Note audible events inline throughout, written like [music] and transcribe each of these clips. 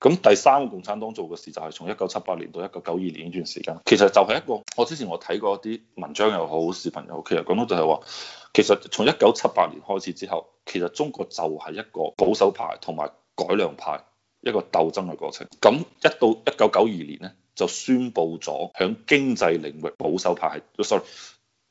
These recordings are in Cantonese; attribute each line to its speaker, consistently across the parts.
Speaker 1: 咁第三個共產黨做嘅事就係從一九七八年到一九九二年呢段時間，其實就係一個我之前我睇過啲文章又好，視頻又好，其實講到就係話，其實從一九七八年開始之後，其實中國就係一個保守派同埋改良派一個鬥爭嘅過程。咁一到一九九二年咧，就宣布咗響經濟領域保守派係，sorry。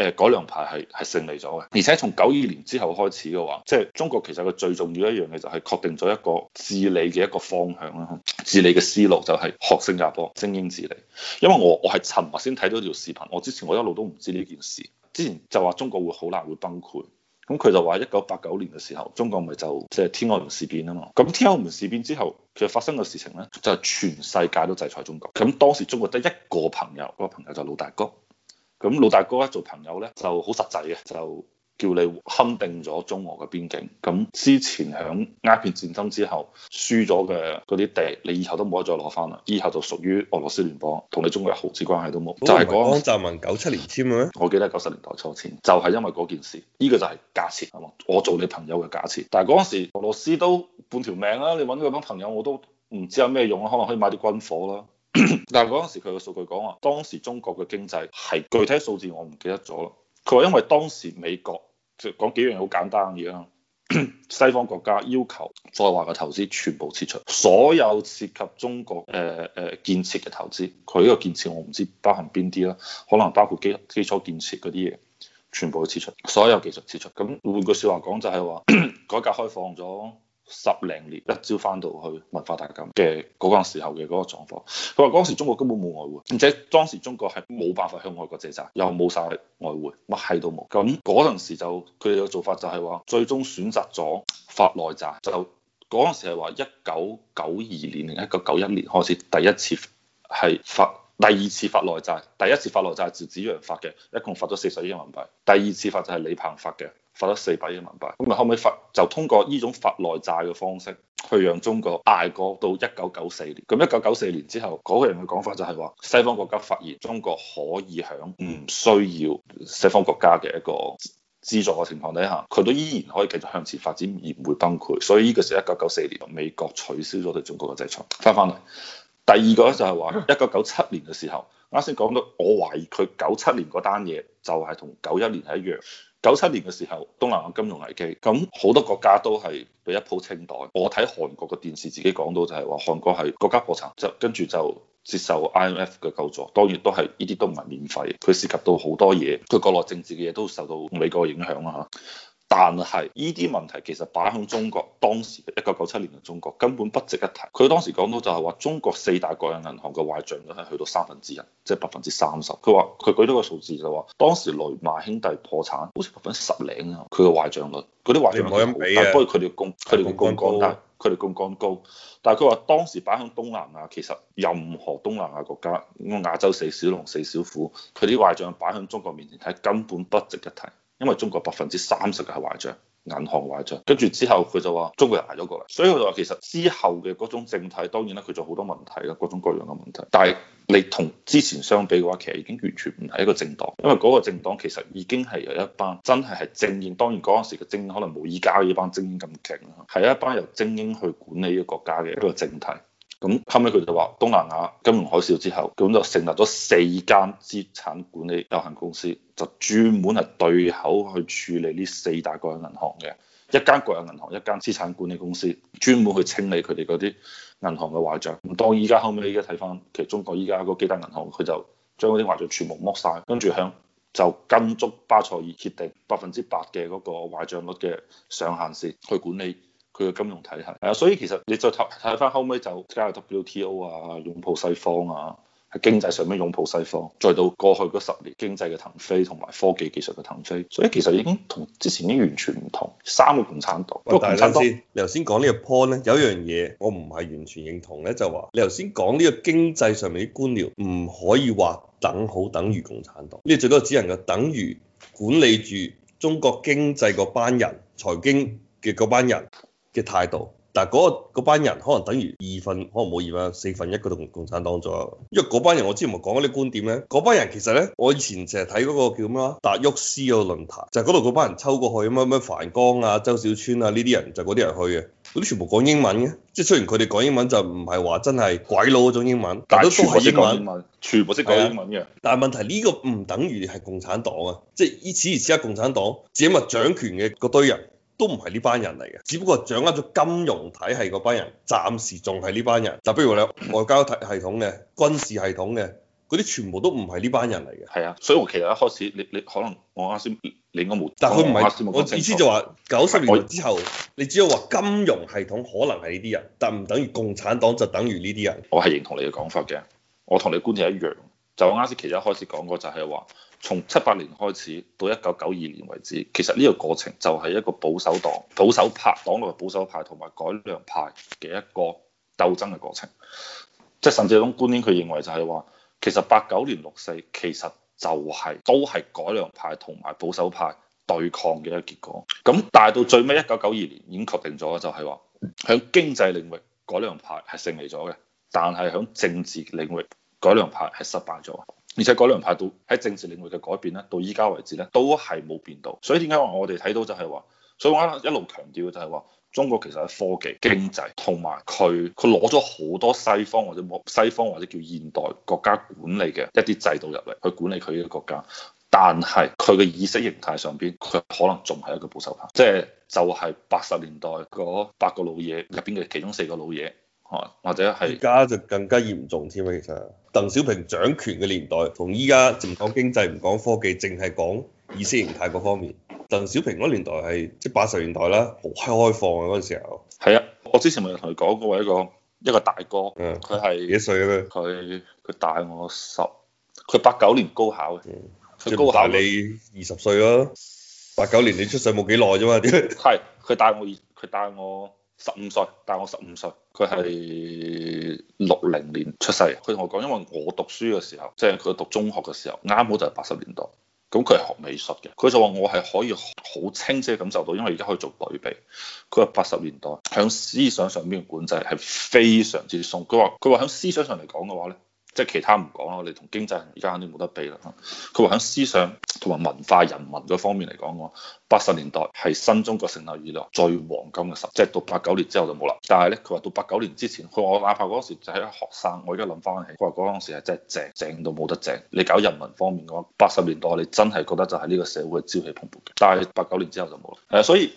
Speaker 1: 誒改良派係係勝利咗嘅，而且從九二年之後開始嘅話，即係中國其實佢最重要一樣嘅就係確定咗一個治理嘅一個方向啦，治理嘅思路就係學新加坡精英治理。因為我我係尋日先睇到條視頻，我之前我一路都唔知呢件事。之前就話中國會好難會崩潰，咁佢就話一九八九年嘅時候，中國咪就即係天安門事變啊嘛。咁天安門事變之後，其實發生嘅事情呢，就係全世界都制裁中國。咁當時中國得一個朋友，嗰個朋友就老大哥。咁老大哥咧做朋友咧就好實際嘅，就叫你勘定咗中俄嘅邊境。咁之前喺鴉片戰爭之後輸咗嘅嗰啲地，你以後都冇得再攞翻啦，以後就屬於俄羅斯聯邦，同你中國一毫子關係都冇。哦、就係江
Speaker 2: 澤民九七年添，嘅我記
Speaker 1: 得九十年代初前，就係、是、因為嗰件事。呢、這個就係假設，係嘛？我做你朋友嘅假設。但係嗰陣時俄羅斯都半條命啦，你揾佢講朋友我都唔知有咩用啦，可能可以買啲軍火啦。但係嗰陣時佢個數據講話，當時中國嘅經濟係具體數字我唔記得咗啦。佢話因為當時美國就講幾樣好簡單嘅嘢啦，西方國家要求在華嘅投資全部撤出，所有涉及中國誒誒、呃、建設嘅投資，佢呢個建設我唔知包含邊啲啦，可能包括基基礎建設嗰啲嘢，全部都撤出，所有技術撤出。咁換句説話講就係話， [coughs] 改革開放咗。十零年一朝翻到去文化大革命嘅嗰陣時候嘅嗰個狀況，佢話陣時中國根本冇外匯，而且當時中國係冇辦法向外國借債，又冇晒外匯乜係都冇。咁嗰陣時就佢哋嘅做法就係話最終選擇咗發內債，就嗰陣時係話一九九二年定一九九一年開始第一次係發第二次發內債，第一次發內債係趙紫陽發嘅，一共發咗四十億人民幣，第二次就發就係李鵬發嘅。發咗四百億文幣，咁啊後尾發就通過呢種發內債嘅方式，去讓中國捱過到一九九四年。咁一九九四年之後，嗰、那個人嘅講法就係話，西方國家發現中國可以喺唔需要西方國家嘅一個資助嘅情況底下，佢都依然可以繼續向前發展而唔會崩潰。所以呢個時候一九九四年，美國取消咗對中國嘅制裁，翻返嚟。第二個咧就係話，一九九七年嘅時候，啱先講到，我懷疑佢九七年嗰單嘢就係同九一年係一樣。九七年嘅時候，東南亞金融危機，咁好多國家都係被一鋪清袋。我睇韓國嘅電視自己講到就，就係話韓國係國家破產，就跟住就接受 IMF 嘅救助。當然都係呢啲都唔係免費，佢涉及到好多嘢，佢國內政治嘅嘢都受到美國嘅影響啦吓。但係呢啲問題其實擺響中國，當時一九九七年嘅中國根本不值一提。佢當時講到就係話中國四大國有銀行嘅壞賬率係去到三分之一，即係百分之三十。佢話佢舉到個數字，就話當時雷曼兄弟破產好似百分之十零啊，佢嘅壞賬率，嗰啲壞賬率，係，不過佢哋槓佢哋槓桿高，佢哋槓桿高、啊、高。但係佢話當時擺響東南亞，其實任何東南亞國家，亞洲四小龍四小虎，佢啲壞賬擺響中國面前睇，根本不值一提。因為中國百分之三十嘅係壞帳，銀行壞帳，跟住之後佢就話中國人捱咗過嚟，所以佢就話其實之後嘅嗰種政體，當然啦，佢就好多問題嘅，各種各樣嘅問題。但係你同之前相比嘅話，其實已經完全唔係一個政黨，因為嗰個政黨其實已經係有一班真係係精英，當然嗰陣時嘅精英可能冇依家呢班精英咁勁啦，係一班由精英去管理呢個國家嘅一個政體。咁後尾，佢就話東南亞金融海嘯之後，咁就成立咗四間資產管理有限公司，就專門係對口去處理呢四大國有銀行嘅一間國有銀行，一間資產管理公司，專門去清理佢哋嗰啲銀行嘅壞帳。咁當依家後尾你依家睇翻，其實中國依家嗰幾大銀行佢就將嗰啲壞帳全部剝晒，跟住向就跟足巴塞爾協定百分之八嘅嗰個壞帳率嘅上限線去管理。佢嘅金融體系係啊，所以其實你再睇睇翻後尾，就加入 WTO 啊，擁抱西方啊，喺經濟上面擁抱西方，再到過去嗰十年經濟嘅騰飛同埋科技技術嘅騰飛。所以其實已經同之前已經完全唔同。三個共產黨，喂不過共產黨，等等
Speaker 2: 你頭先講呢個 point 咧，有一樣嘢我唔係完全認同咧，就話你頭先講呢個經濟上面啲官僚唔可以話等好等於共產黨，呢啲最多只能夠等於管理住中國經濟嗰班人、財經嘅嗰班人。嘅態度，但係嗰班人可能等於二分，可能冇二分，四分一個共共產黨左右。因為嗰班人我之前咪講嗰啲觀點咧，嗰班人其實咧，我以前成日睇嗰個叫咩啊達沃斯個論壇，就係嗰度嗰班人抽過去，咩咩樊江啊、周小川啊呢啲人就嗰、是、啲人去嘅，嗰啲全部講英文嘅，即係雖然佢哋講英文就唔係話真係鬼佬嗰種英文，但都都係英文，全部識講英文嘅、啊。但係問題呢、呢個唔等於係共產黨啊，即係依此而此，而家共產黨掌握掌權嘅嗰堆人。都唔係呢班人嚟嘅，只不過掌握咗金融體系嗰班人，暫時仲係呢班人。嗱，比如你外交體系統嘅、 [coughs] 軍事系統嘅，嗰啲全部都唔係呢班人嚟嘅。係啊，
Speaker 1: 所以我其實一開始，你你可能我啱先你應該冇，但係佢唔係我，我意思就話
Speaker 2: 九十年代之後，我你只要話金融系統可能係呢啲人，但唔等於共產黨就等於呢啲人。
Speaker 1: 我係認同你嘅講法嘅，我同你觀點一樣。就啱先，其實一開始講過，就係話從七八年開始到一九九二年為止，其實呢個過程就係一個保守黨、保守派黨內保守派同埋改良派嘅一個鬥爭嘅過程。即係甚至有種觀點，佢認為就係話，其實八九年六四其實就係都係改良派同埋保守派對抗嘅一個結果。咁但係到最尾一九九二年已經確定咗，就係話喺經濟領域改良派係勝利咗嘅，但係喺政治領域，改良派係失敗咗，而且改良派到喺政治領域嘅改變咧，到依家為止咧都係冇變到。所以點解話我哋睇到就係話，所以我一路強調就係話，中國其實係科技、經濟同埋佢佢攞咗好多西方或者西方或者叫現代國家管理嘅一啲制度入嚟去管理佢嘅國家，但係佢嘅意識形態上邊佢可能仲係一個保守派，即係就係八十年代嗰八個老嘢入邊嘅其中四個老嘢。或者係
Speaker 2: 而家就更加嚴重添啊！其實鄧小平掌權嘅年代，同依家唔講經濟唔講科技，淨係講意識形態嗰方面。鄧小平嗰年代係即係八十年代啦，好開放嘅嗰陣時候。係啊，我之前咪同你講過一個一個大哥，佢係幾歲咁、啊、樣？佢佢大我十，佢八九年高考嘅，佢、嗯、高考你二十歲咯、啊，八九年你出世冇幾耐啫嘛？點 [laughs] 解？
Speaker 1: 佢大我佢大我。十五歲，大我十五歲，佢係六零年出世。佢同我講，因為我讀書嘅時候，即係佢讀中學嘅時候，啱好就係八十年代。咁佢係學美術嘅，佢就話我係可以好清晰感受到，因為而家可以做對比。佢話八十年代響思想上面嘅管制係非常之鬆。佢話佢話響思想上嚟講嘅話咧。即係其他唔講啦，我哋同經濟而家肯定冇得比啦。佢話喺思想同埋文化人民嗰方面嚟講嘅話，八十年代係新中國成立以來最黃金嘅十，即係到八九年之後就冇啦。但係呢，佢話到八九年之前，佢話我哪怕嗰時就係一個學生，我而家諗翻起，佢話嗰陣時係真係正正到冇得正。你搞人民方面嘅話，八十年代你真係覺得就係呢個社會係朝氣蓬勃嘅，但係八九年之後就冇啦。所以。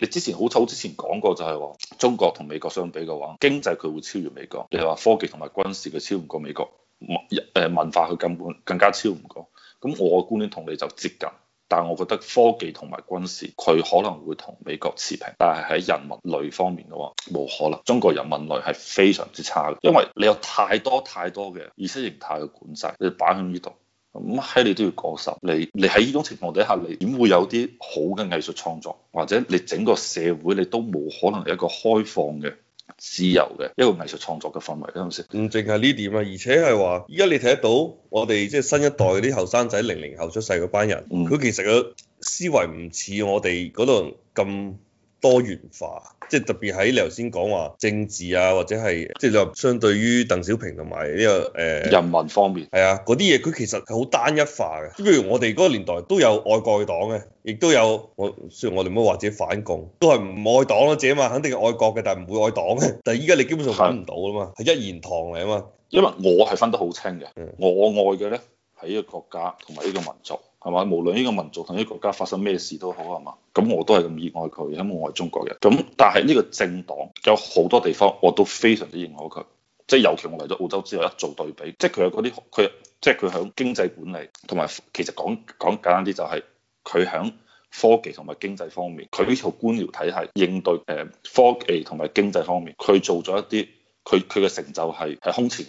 Speaker 1: 你之前好早之前講過就係話，中國同美國相比嘅話，經濟佢會超越美國。你係話科技同埋軍事佢超唔過美國，文文化佢根本更加超唔過。咁我嘅觀點同你就接近，但係我覺得科技同埋軍事佢可能會同美國持平，但係喺人文類方面嘅話，冇可能。中國人文類係非常之差嘅，因為你有太多太多嘅意識形態嘅管制，你擺喺呢度。咁喺你都要過十，你你喺呢種情況底下，你點會有啲好嘅藝術創作？或者你整個
Speaker 2: 社會你都冇可能係一個開放嘅、自由嘅一個藝術創作嘅氛圍嘅，係咪先？嗯，唔淨係呢點啊，而且係話，依家你睇得到我哋即係新一代啲後生仔零零後出世嗰班人，佢、嗯、其實個思維唔似我哋嗰度咁。多元化，即係特別喺你頭先講話政治啊，或者係即係你話相對於鄧小平同埋呢個誒、呃、人民方面，係啊，嗰啲嘢佢其實係好單一化嘅。譬如我哋嗰個年代都有愛國嘅黨嘅，亦都有我雖然我哋冇話自己反共，都係唔愛黨咯，自己嘛肯定係愛國嘅，但係唔會愛黨嘅。但係依家你基本上揾唔到啦嘛，係的一言
Speaker 1: 堂嚟啊嘛，因為我係分得好清嘅，的我愛嘅咧係呢個國家同埋呢個民族。係嘛？無論呢個民族同呢個國家發生咩事都好，係嘛？咁我都係咁熱愛佢，因為我係中國人。咁但係呢個政黨有好多地方我都非常之認可佢，即係尤其我嚟咗澳洲之後一做對比，即係佢有嗰啲佢即係佢響經濟管理同埋其實講講簡單啲就係佢響科技同埋經濟方面，佢呢套官僚體系應對誒科技同埋經濟方面，佢做咗一啲佢佢嘅成就係、係、喺空前。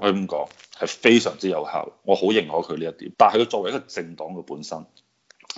Speaker 1: 佢咁講係非常之有效，我好認可佢呢一點。但係佢作為一個政黨嘅本身，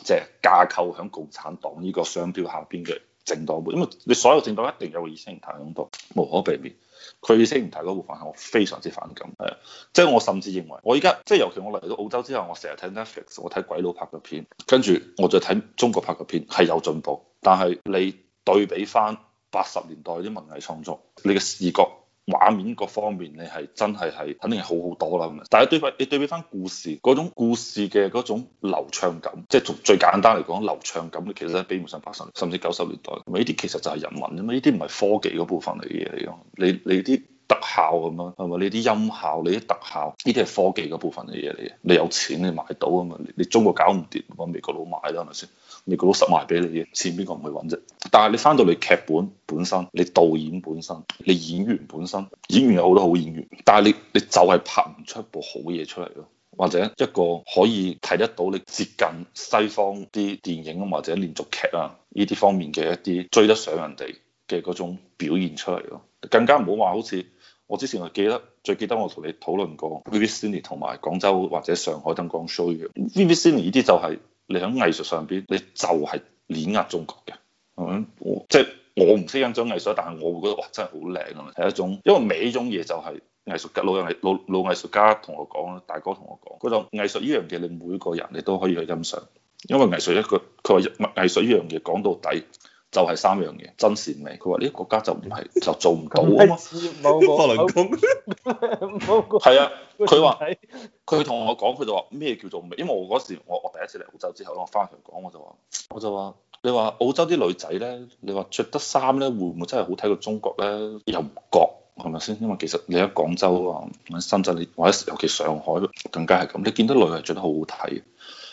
Speaker 1: 即係架構喺共產黨呢個商標下面嘅政黨會，因為你所有政黨一定有個意識形態共黨，無可避免。佢意識形態嗰部分，我非常之反感。係，即係我甚至認為，我而家即係尤其我嚟到澳洲之後，我成日睇 Netflix，我睇鬼佬拍嘅片，跟住我再睇中國拍嘅片，係有進步。但係你對比翻八十年代啲文藝創作，你嘅視覺。畫面各方面你係真係係肯定係好好多啦，咁啊！但係對比你對比翻故事嗰種故事嘅嗰種流暢感，即係從最簡單嚟講流暢感，你其實都比唔上八十年甚至九十年代。呢啲其實就係人民，啫嘛，呢啲唔係科技嗰部分嚟嘅嘢嚟咯。你你啲。特效咁樣，係咪你啲音效，你啲特效，呢啲係科技嗰部分嘅嘢嚟嘅。你有錢你買到啊嘛，你中國搞唔掂，揾美國佬買啦係咪先？美國佬塞埋俾你嘅，錢邊個唔去揾啫？但係你翻到嚟劇本本身，你導演本身，你演員本身，演員有好多好演員，但係你你就係拍唔出一部好嘢出嚟咯，或者一個可以睇得到你接近西方啲電影或者連續劇啊呢啲方面嘅一啲追得上人哋嘅嗰種表現出嚟咯。更加唔好話，好似我之前我記得最記得我同你討論過 Vivid Sydney 同埋廣州或者上海燈光 show 嘅 Vivid Sydney 呢啲就係你喺藝術上邊，你就係碾壓中國嘅，係即係我唔識欣賞藝術，但係我會覺得哇，真係好靚啊！係一種因為美呢種嘢就係藝術嘅老藝老老藝術家同我講啦，大哥同我講，嗰種藝術呢樣嘢你每個人你都可以去欣賞，因為藝術一個佢話藝術呢樣嘢講到底。就係三樣嘢真善美，佢話呢個國家就唔係就做唔到
Speaker 2: 啊嘛，冇係 [laughs] [laughs] 啊，
Speaker 1: 佢話佢同我講，佢就話咩叫做美，因為我嗰時我我第一次嚟澳洲之後我翻去同佢講，我就話我就話你話澳洲啲女仔咧，你話着得衫咧，會唔會真係好睇過中國咧？又唔覺係咪先？因為其實你喺廣州啊，喺深圳，或者尤其上海更加係咁，你見到女係着得好好睇。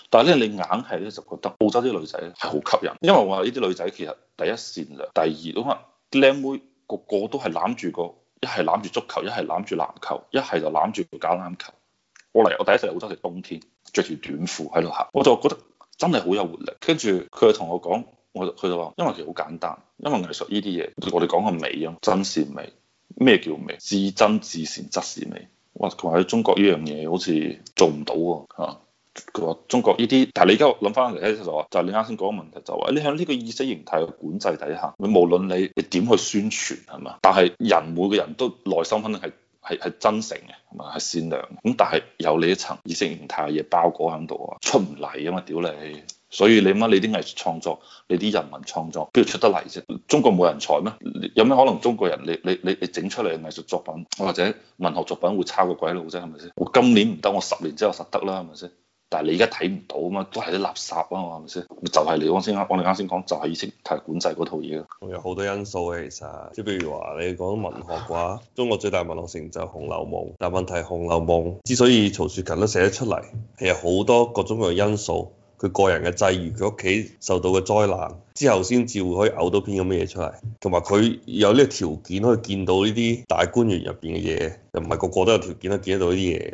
Speaker 1: 但係咧，你硬係咧就覺得澳洲啲女仔係好吸引，因為我話呢啲女仔其實第一善良，第二都話，靚妹個個都係攬住個，一係攬住足球，一係攬住籃球，一係就攬住個橄欖球。我嚟，我第一次嚟澳洲嘅冬天，着條短褲喺度行，我就覺得真係好有活力跟，跟住佢就同我講，我佢就話，因為其實好簡單，因為藝術呢啲嘢，我哋講個美啊，真善美。咩叫美？至真至善則是美。哇！佢話喺中國呢樣嘢好似做唔到啊。佢話中國呢啲，但係你而家諗翻嚟咧，就話就係你啱先講個問題，就話你喺呢個意識形態嘅管制底下，無論你你點去宣傳係嘛，但係人每個人都內心肯定係係係真誠嘅，係嘛係善良咁，但係有你一層意識形態嘅嘢包裹喺度啊，出唔嚟啊嘛屌你！所以你諗下，你啲藝術創作，你啲人文創作邊度出得嚟啫？中國冇人才咩？有咩可能中國人你你你你整出嚟嘅藝術作品或者文學作品會差個鬼佬啫？係咪先？我今年唔得，我十年之後實得啦，係咪先？但係你而家睇唔到啊嘛，都係啲垃圾啊嘛，係咪先？就係、是、你講先啱，我哋啱先講，就係意識形態管制嗰套嘢
Speaker 2: 咯。有好多因素嘅，其實即係譬如話你講文學嘅話，中國最大文學成就係《紅樓夢》，但問題係《紅樓夢》之所以曹雪芹都寫得出嚟，其實好多各種各樣因素，佢個人嘅際遇，佢屋企受到嘅災難之後，先至會可以嘔到篇咁嘅嘢出嚟，同埋佢有呢個條件可以見到呢啲大官員入邊嘅嘢，又唔係個個都有條件都見得到呢啲嘢。